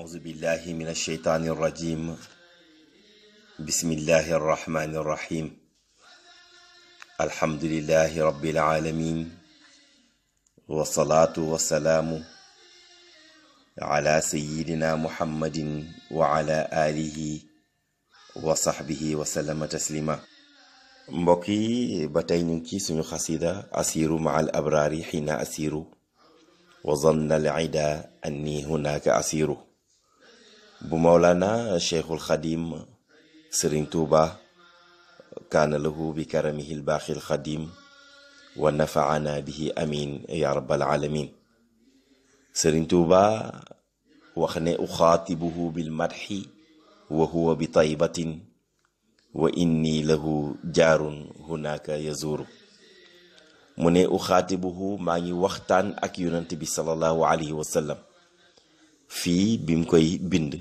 auzu billahi min alsheytaani irrajim bismillahi arrahmani irrahim alhamdulilahi rabbil alamin wasalaatu wasalaamu ala sayidina muhammadin wa ala alihi wa saxbihi wa sallama taslima mbokk yi ba tey ñu ngi ci suñu xasida asiru ma al abraari xiina asiru wa zanna al ida anni hunaka asiru bu Mawlana Cheikhul Xadim Sëriñ Tuuba kaana lahu bi karamihi lbaaxil xadim wa nafaana bihi amin ya rabbal alamin Sëriñ Tuuba wax ne uxaatibuhu bil madxi wa huwa bi taybatin wa inni lahu jaarun hunaka yazuru mu ne uxaatibuhu maa ngi waxtaan ak yonent bi sallallahu alayhi wa sallam fii bi mu koy bind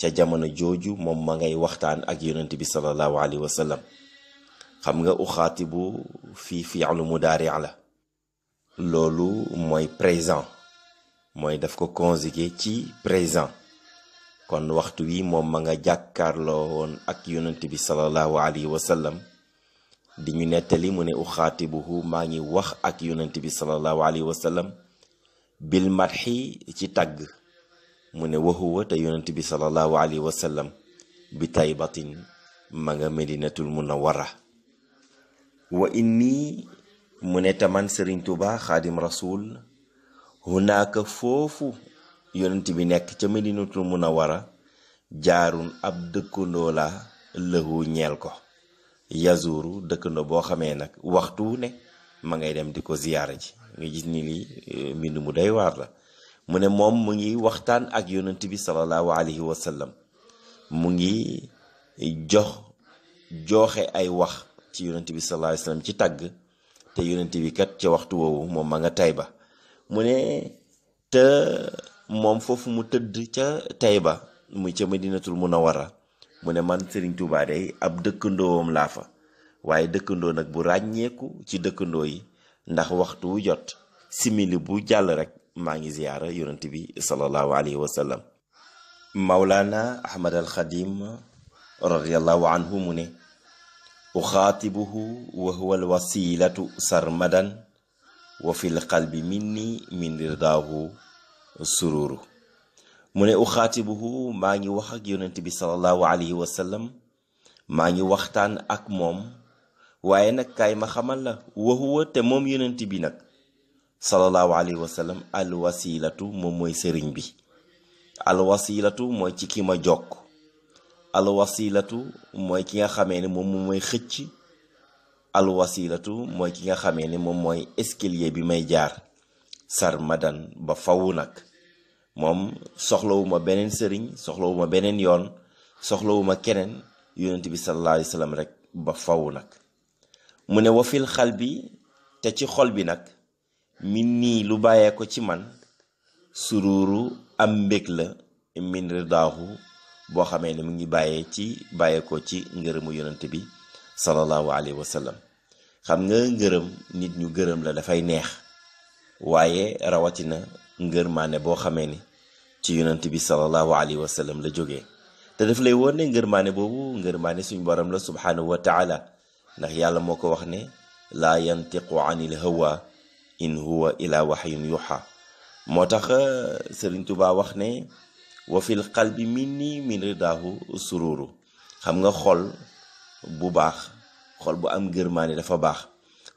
ca jamono jooju moom ma ngay waxtaan ak yonant bi sallallahu alayhi wa sallam xam nga uxaatibu fii fi'lu mudaari la loolu mooy présent mooy daf ko conjugué ci présent kon waxtu wi moom ma nga jàkkaarloo woon ak yonent bi sallallahu alayhi wasalam sallam di ñu nettali mu ne uxaatibuhu maa ngi wax ak yonent bi sallallahu alayhi wa sallam bil madxi ci tagg mu ne waxuwa te yonent bi sallallahu alayhi wa sallam bi taybatin ma nga medinatul munawwara wa inni mu ne taman sëriñ tuba xaadim rasul hunaaka foofu yonent bi nekk ca medinatul munawwara jaarun ab dëkkandoo la lëhu ñeel ko yazuru dëkkandoo boo xamee nag waxtu ne ma ngay dem di ko ziyaara ji eh, mbind mu day waar la mu ne moom mu ngi waxtaan ak yonent bi sallallahu alayhi wa sallam mu ngi jox joxe ay wax ci yonent bi sallallahu alayhi wa ci tàgg te yonent bi kat ca waxtu woowu moom ma nga ba mu ne te moom foofu mu tëdd ca Tayba muy ca Madinatul Munawwara mu ne man Serigne Touba day ab dëkkandoom laa fa waaye dëkkandoo nag bu ràññeeku ci dëkkandoo yi ndax waxtu wu jot simili bu jàll rek maa ngi ziyaara yonent bi sallallahu alayhi wa sallam mawlaana ahmad alxadim radiallahu anhu mu ne uxaatibuhu wa huwa alwasilatu sarmadan wa fi lqalbi minni min rirdaahu sururu mu ne uxaatibuhu maa ngi wax ak yonent bi sallallahu alayhi wa sallam maa ngi waxtaan ak moom waaye nag kaay ma xamal la wa huwa te moom yonent bi nag sallallahu alayhi wa sallam alwasilatu moom mooy sëriñ bi alwasilatu mooy ci ki ma jokk alwasilatu mooy ki nga xamee ne moom mooy xëcc alwasilatu mooy ki nga xamee ne moom mooy escalier bi may jaar sarmadan ba faw nag moom soxlawuma beneen sëriñ soxlawuma beneen yoon soxlawuma keneen yonent bi sallallahu alayhi rek ba faw nag mu ne wafil xal bi te ci xol bi nag min nii lu bàyyee ko ci man sururu am mbég la min ridaahu boo xamee ne mu ngi bàyyee ci bàyyeekoo ci ngërëmu yonante bi sallallahu alayhi wa sallam xam nga ngërëm nit ñu gërëm la dafay neex waaye rawatina ngër maane boo xamee ni ci yonante bi sallallahu alayhi wa sallam la jógee te daf lay woon ne ngër maane boobu ngër maane suñ borom la subhanahu wa taala ndax yàlla moo ko wax ne laa yantiqu anil hawa in huwa ila waxyun yuxa moo tax euh, Sëriñ tubaa wax ne wa fil qalbi minni min ridaahu sururu xam nga xol bu baax xol bu am gërmaane dafa baax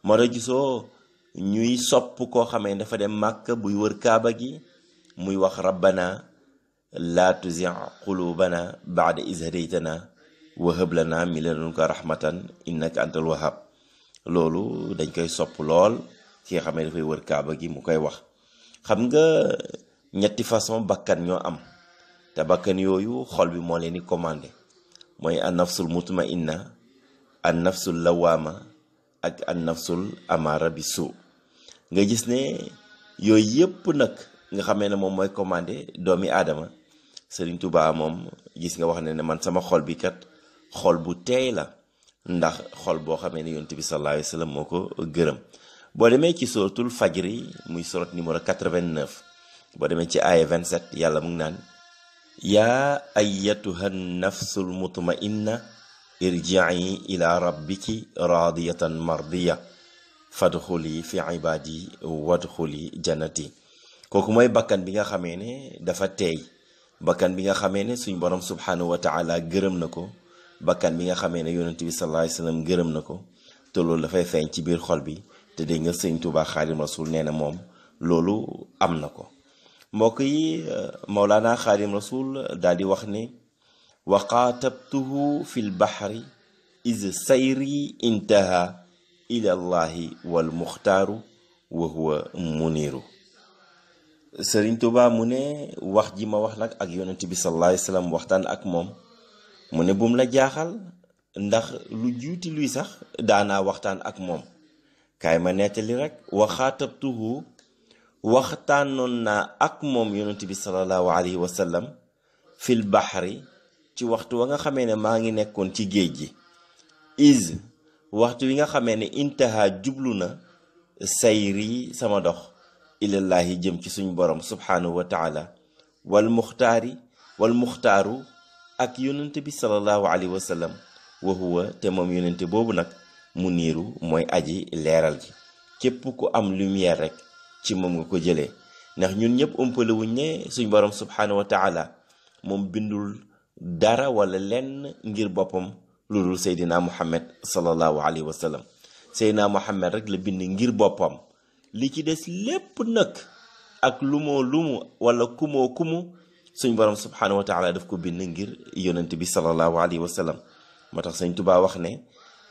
moo tax gisoo ñuy sopp koo xamee dafa dem màkk buy wër kaaba gi muy wax rabbana laa tuzi qulubana baada is hadaytana wa hab lana min ladunka rahmatan innaka antal wahab loolu dañ koy sopp lool ki nga xam ne dafay wër kaaba gi mu koy wax xam nga ñetti façon bakkan ñoo am te bakkan yooyu xol bi moo leen di commandé mooy an nafsul mutmainna an nafsul lawaama ak an nafsul amaara bi suu nga gis ne yooyu yëpp nag nga xamee ne moom mooy commandé doomi aadama Sëriñ tubaa moom gis nga wax ne ne man sama xol bi kat xol bu teey la ndax xol boo xamee ne yonent bi sallallahu alayhi moo ko gërëm boo demee ci suratul fajri muy surat numéro 89 boo demee ci vingt 27 yàlla mu ngi naan yaa ayyatuha nafsul mutma'inna irji'i ila rabbiki radiyatan mardiya fadxuli fi ibadi wadxuli jannati kooku mooy bakkan bi nga xamee ne dafa teey bakkan bi nga xamee ne suñ borom subhanahu wa taala gërëm na ko bakkan bi nga xamee ne yonent bi sallallahu alayhi wasallam gërëm na ko te loolu dafay feeñ ci biir xol bi te dégg nga sëñ Touba Xaadim Rasul nee na moom loolu am na ko mbokk yi euh, Maulana Xaadim Rasul daal di wax ni wa qaatabtuhu fi lbahri iz sayri intaha ila llahi wal muniru Sëriñ Tuuba mu ne wax ji ma wax nag ak yonent bi sallallahu alayhi waxtaan ak moom mu ne bum la jaaxal ndax lu juuti luy sax daanaa waxtaan ak moom kaay ma nettali rek waxaatabtuhu waxtaanoon naa ak moom yonent bi sallallahu alayhi wa sallam fil baxri ci waxtu wa nga xamee ne maa ngi nekkoon ci géej gi is waxtu wi nga xamee ne intaha jublu na sayri sama dox ilallaahi jëm ci suñ borom subhaanahu wa wal muxtaari wal muxtaaru ak yonent bi sallallahu alayhi wa sallam wa huwa te moom yonent boobu nag mu niiru mooy aji leeral ji képp ku am lumière rek ci moom nga ko jëlee ndax ñun ñëpp ëmpale wuñ ne suñ borom subhaanahu wa taala moom bindul dara wala lenn ngir boppam lu dul Seydina Muhammad sallallahu alayhi wa sallam Seydina Muhammad rek la bind ngir boppam li ci des lépp nag ak lumoo lumu wala kumoo kumu suñ borom subhaanahu wa taala daf ko bind ngir yonent bi sallallahu alayhi wa sallam moo tax sëñ Tuubaa wax ne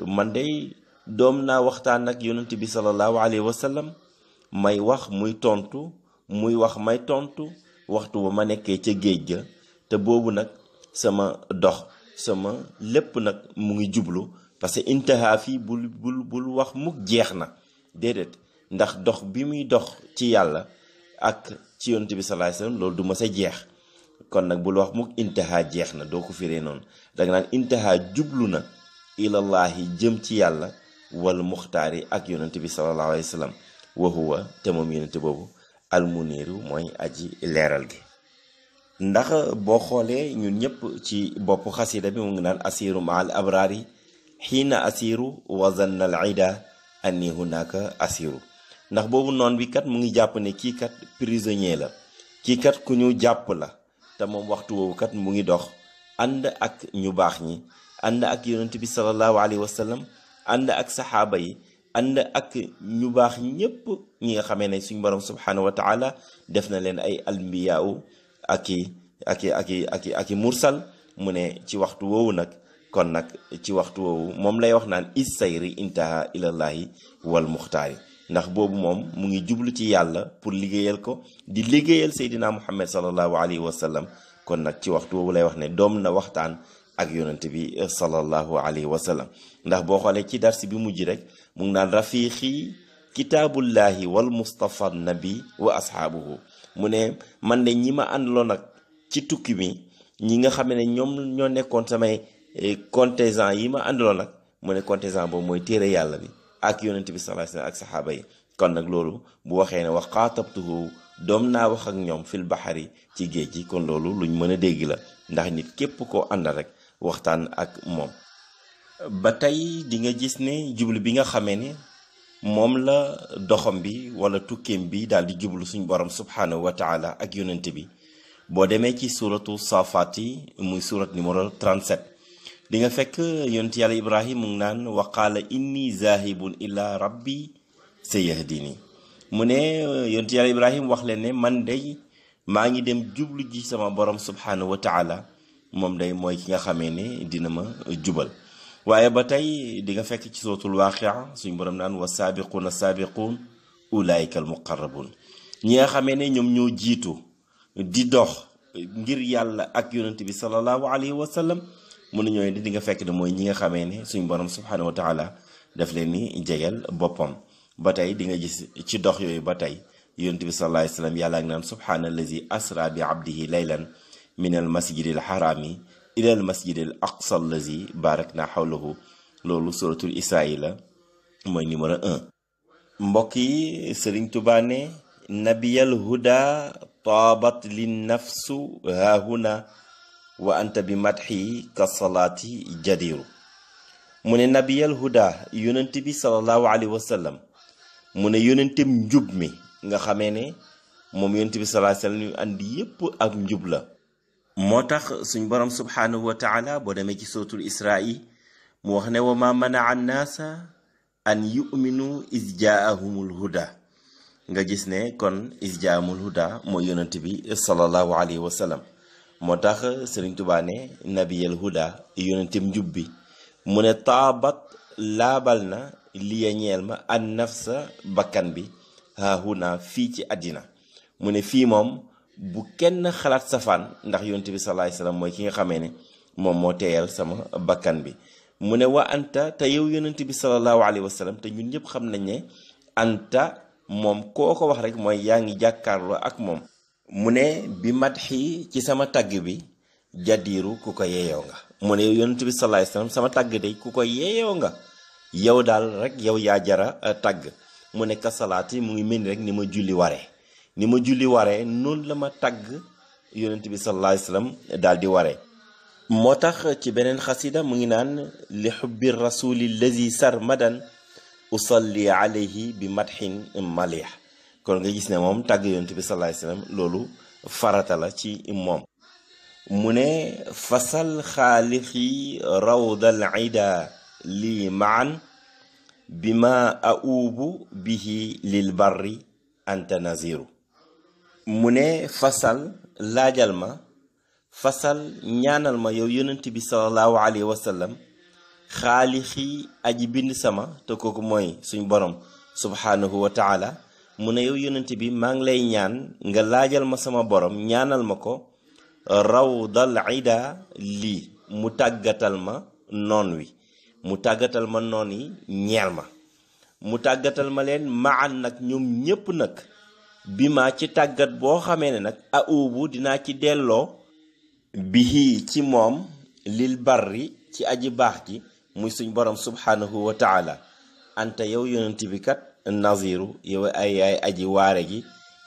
man day doom naa waxtaan ak yonent bi sallallahu alayhi wa sallam may wax muy tontu muy wax may tontu waxtu ba ma nekkee ca géej ga te boobu nag sama dox sama lépp nag mu ngi jublu parce que intaha fii bul bul wax mukk jeex na déedéet ndax dox bi muy dox ci yàlla ak ci yonent bi sallallahu alayhi loolu du ma sa jeex kon nag bul wax mukk intaha jeex na doo ko firee noonu danga naan intaha jublu na ilallaahi jëm ci yàlla wal muxtaari ak yonant bi sallallahu alayhi wa wa huwa te moom yonent boobu almuniiru mooy aji leeral gi ndax boo xoolee ñun ñëpp ci bopp xasida bi mu ngi naan asiru maal abraari xiina asiru wazanna al ida anni hunaka asiru ndax boobu noon bi kat mu ngi jàpp ne kii kat prisonnier la kii kat ku ñu jàpp la te moom waxtu woowu kat mu ngi dox ànd ak ñu baax ñi ànd ak yonent bi sallallahu alayhi wa sallam ànd ak saxaaba yi ànd ak ñu baax ñépp ñi nga xamee ne suñu borom subhanahu wa taala def na leen ay almbiyaaw ak i ak i ak ak i ak mursal mu ne ci waxtu woowu nag kon nag ci waxtu woowu moom lay wax naan is sayri intaha ilallahi wal muxtaari ndax boobu moom mu ngi jublu ci yàlla pour liggéeyal ko di liggéeyal seydina muhammad sallallahu alayhi wa sallam kon nag ci waxtu woowu lay wax ne doom na waxtaan ak yonent bi eh, sallallahu alayhi wa sallam ndax boo xoolee ci darsi bi mujj rek mu ngi naan rafiqi kitaabullahi wal mustafa nabi wa ashaabuhu mu ne man de ñi ma àndaloon nag ci tukki mi ñi nga xam ne ñoom ñoo nekkoon samay eh, contestant yi ma àndaloon nag mu ne contestant boobu mooy téere yàlla bi ak yonent bi sallallahu alayhi ak saxaaba yi kon nag loolu bu waxee ne wax xaatabtuhu doom naa wax ak ñoom fil baxari ci géej gi kon loolu luñ mën a dégg la ndax nit képp koo àndal rek waxtaan ak moom ba tey dinga gis ne jublu bi nga xamee ne moom la doxam bi wala tukkeem bi daal di jublu suñ borom subhaanahu wa ak yonent bi boo demee ci suuratu safaati muy surat numéro 37 di nga fekk yonent yàlla ibrahim mu naan wa qaala inni zahibun ila rabbi sayahdini mu ne yonent yàlla ibrahim wax leen ne man day maa ngi dem jublu ji sama borom subhaanahu wa moom day mooy ki nga xamee ne dina ma jubal waaye ba tey di nga fekk ci sootul waaqia suñ borom naan wa saabiquuna saabiquun ulaayika al muqarrabuun ñi nga xamee ne ñoom ñoo jiitu di dox ngir yàlla ak yonent bi sallallahu alayhi wa sallam mun na ñooy di nga fekk ne mooy ñi nga xamee ne suñ borom subhaanahu wa taala daf leen ni jegeel boppam ba tey di nga gis ci dox yooyu ba tey yonent bi sallallahu alayhi wa sallam yàlla ak naan subhaanallazi asra bi abdihi laylan minal masjidil xaraami ilal masjidil aqsa allazi barakna xawlahu loolu suratul israa la mooy numéro un mbokk yi sëriñ tubaa ne nabiyal huda taabat li nafsu haahuna wa anta bi madxi ka salaati jadiru mu ne nabiyal huda yonent bi salallahu alayhi wa sallam mu ne yonentam njub mi nga xamee ne moom yonent bi salallahu alayhi wa sallam yu ànd yépp ak njub la moo tax suñ borom subhaanahu wa boo demee ci suratul isra'i mu wax ne wa ma manaa annaasa an yuminu is jaahumul huda nga gis ne kon is jaahumul huda mooy moo tax sëriñ tubaa njub bi mu ne taabat na liya ñeel bakkan bi haahuna fii ci àddina mu ne fii moom bu kenn xalaat safaan ndax yonent bi salaay salaam mooy ki nga xamee ne moom moo teeyal sama bakkan bi mu ne wa anta te yow yonent bi salallaahu alayhi wa sallam ñun ñëpp xam nañ ne anta moom koo ko wax rek mooy yaa ngi jàkkaarloo ak moom mu ne bi xii ci sama tàgg bi jadiiru ku ko yeeyoo nga mu ne yow yonent bi sama tàgg de ku ko yeeyoo nga yow daal rek yow yaa jara eh, tàgg mu ne kasalaati mu ngi mel ni rek ni ma julli waree ni ma julli waree noonu la ma tagg yonent bi sallallahu alayhi wasallam daal di waree moo tax ci beneen xasida mu ngi naan li xubbi rasuli lazi sarmadan usalli alayhi bi madxin malih kon nga gis ne moom tàgg yonent bi sallallahu alayhi loolu farata la ci moom mu ne fasal xaalixi rawdal ida lii maan bima aubu bihi lil barri anta naziru mu ne fasal laajal ma fasal ñaanal ma yow yonent bi sallallahu alayhi wa sallam xaalixi aji bind sama te kook mooy suñ boroom subhaanahu wa taala mu ne yow yonent bi maa ngi lay ñaan nga laajal ma sama boroom ñaanal ma ko dal ida lii mu tàggatal ma noon wi mu tàggatal ma noon yi ñeel ma mu tàggatal ma leen maan nag ñoom ñépp nag bi ma ci tàggat boo xamee ne nag a uubu dinaa ci delloo bihi ci moom lil barri ci aji baax ji muy suñ borom subhanahu wa taala anta yow yonent bi kat naziru yow ay yaay aji waare gi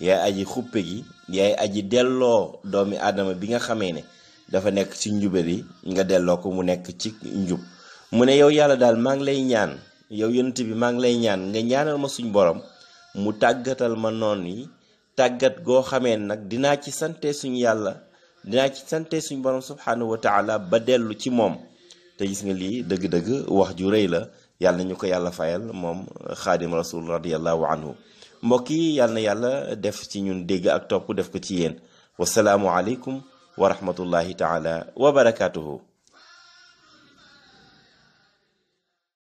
yaay aji xuppe gi yaay aji delloo doomi aadama bi nga xamee ne dafa nekk ci njubér yi nga delloo ko mu nekk ci njub mu ne yow yàlla daal maa ngi lay ñaan yow yonent bi maa ngi lay ñaan nga ñaanal ma suñ borom mu tàggatal ma noon yi tàggat goo xamee nag dinaa ci sante suñu yàlla dinaa ci sante suñu borom subhaanahu wa taala ba dellu ci moom te gis nga lii dëgg-dëgg wax ju rëy la yàlla ñu ko yàlla fayal moom xaadim rasul radiallahu anhu mbokk yi yàlla na yàlla def ci ñun dégg ak topp def ko ci yéen wasalaamu aleykum wa rahmatullahi taala wa